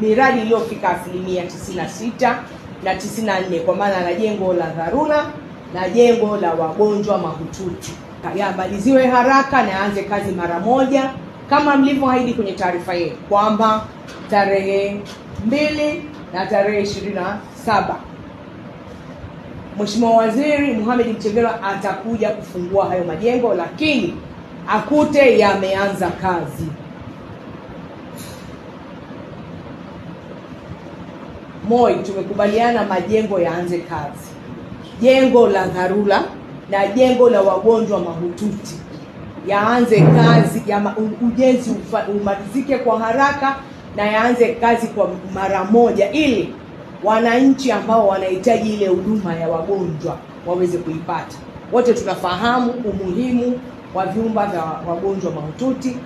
miradi iliyofika asilimia 96 na 94 kwa maana na jengo la dharura na jengo la wagonjwa mahututi yamaliziwe haraka na yaanze kazi mara moja kama mlivyoahidi kwenye taarifa yenu kwamba tarehe mbili na tarehe 27 mweshimua Waziri muhamed Mchengerwa atakuja kufungua hayo majengo, lakini akute yameanza kazi. MOI tumekubaliana majengo yaanze kazi, jengo la dharura na jengo la wagonjwa mahututi yaanze kazi ya ujenzi umalizike kwa haraka na yaanze kazi kwa mara moja, ili wananchi ambao wanahitaji ile huduma ya wagonjwa waweze kuipata. Wote tunafahamu umuhimu wa vyumba vya wagonjwa mahututi,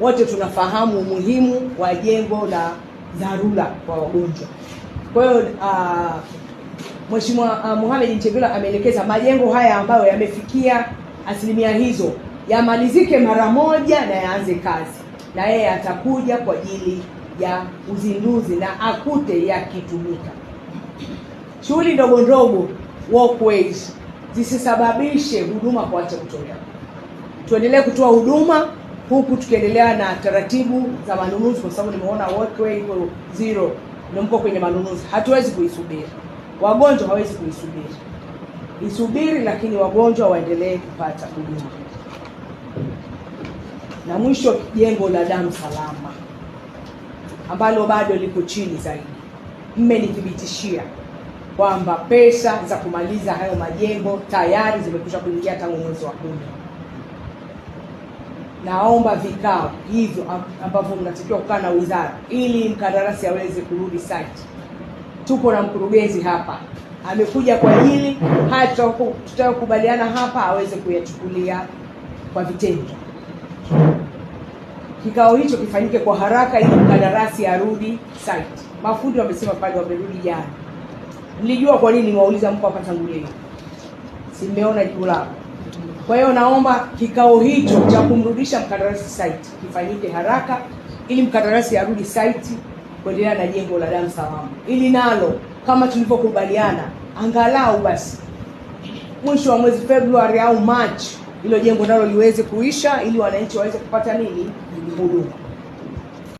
wote tunafahamu umuhimu wa jengo la dharura kwa wagonjwa. Kwa hiyo uh, Mheshimiwa uh, Mohamed Nchegula ameelekeza majengo haya ambayo yamefikia asilimia hizo yamalizike mara moja na yaanze kazi, na yeye atakuja kwa ajili ya uzinduzi na akute yakitumika. Shughuli ndogo ndogo walkways zisisababishe huduma kuacha kutolewa. Tuendelee kutoa huduma huku tukiendelea na taratibu za manunuzi, kwa sababu nimeona walkway zero ndio mko kwenye manunuzi, hatuwezi kuisubiri, wagonjwa hawezi kuisubiri. Isubiri, lakini wagonjwa waendelee kupata huduma. Na mwisho, jengo la damu salama ambalo bado liko chini zaidi, mmenithibitishia kwamba pesa za kumaliza hayo majengo tayari zimekwisha kuingia tangu mwezi wa kumi naomba vikao hivyo ambavyo mnatakiwa kukaa na wizara ili mkandarasi aweze kurudi site. Tupo na mkurugenzi hapa amekuja kwa ajili haya tutayokubaliana hapa aweze kuyachukulia kwa vitendo. Kikao hicho kifanyike kwa haraka ili mkandarasi arudi site. Mafundi wamesema pale wamerudi jana. Mlijua kwa nini niwauliza mko hapa tangu leo? jibu lao. Kwa hiyo naomba kikao hicho cha kumrudisha mkandarasi site kifanyike haraka ili mkandarasi arudi site kuendelea na jengo la damu salama, ili nalo kama tulivyokubaliana, angalau basi mwisho wa mwezi Februari au Machi, hilo jengo nalo liweze kuisha ili wananchi waweze kupata nini, huduma.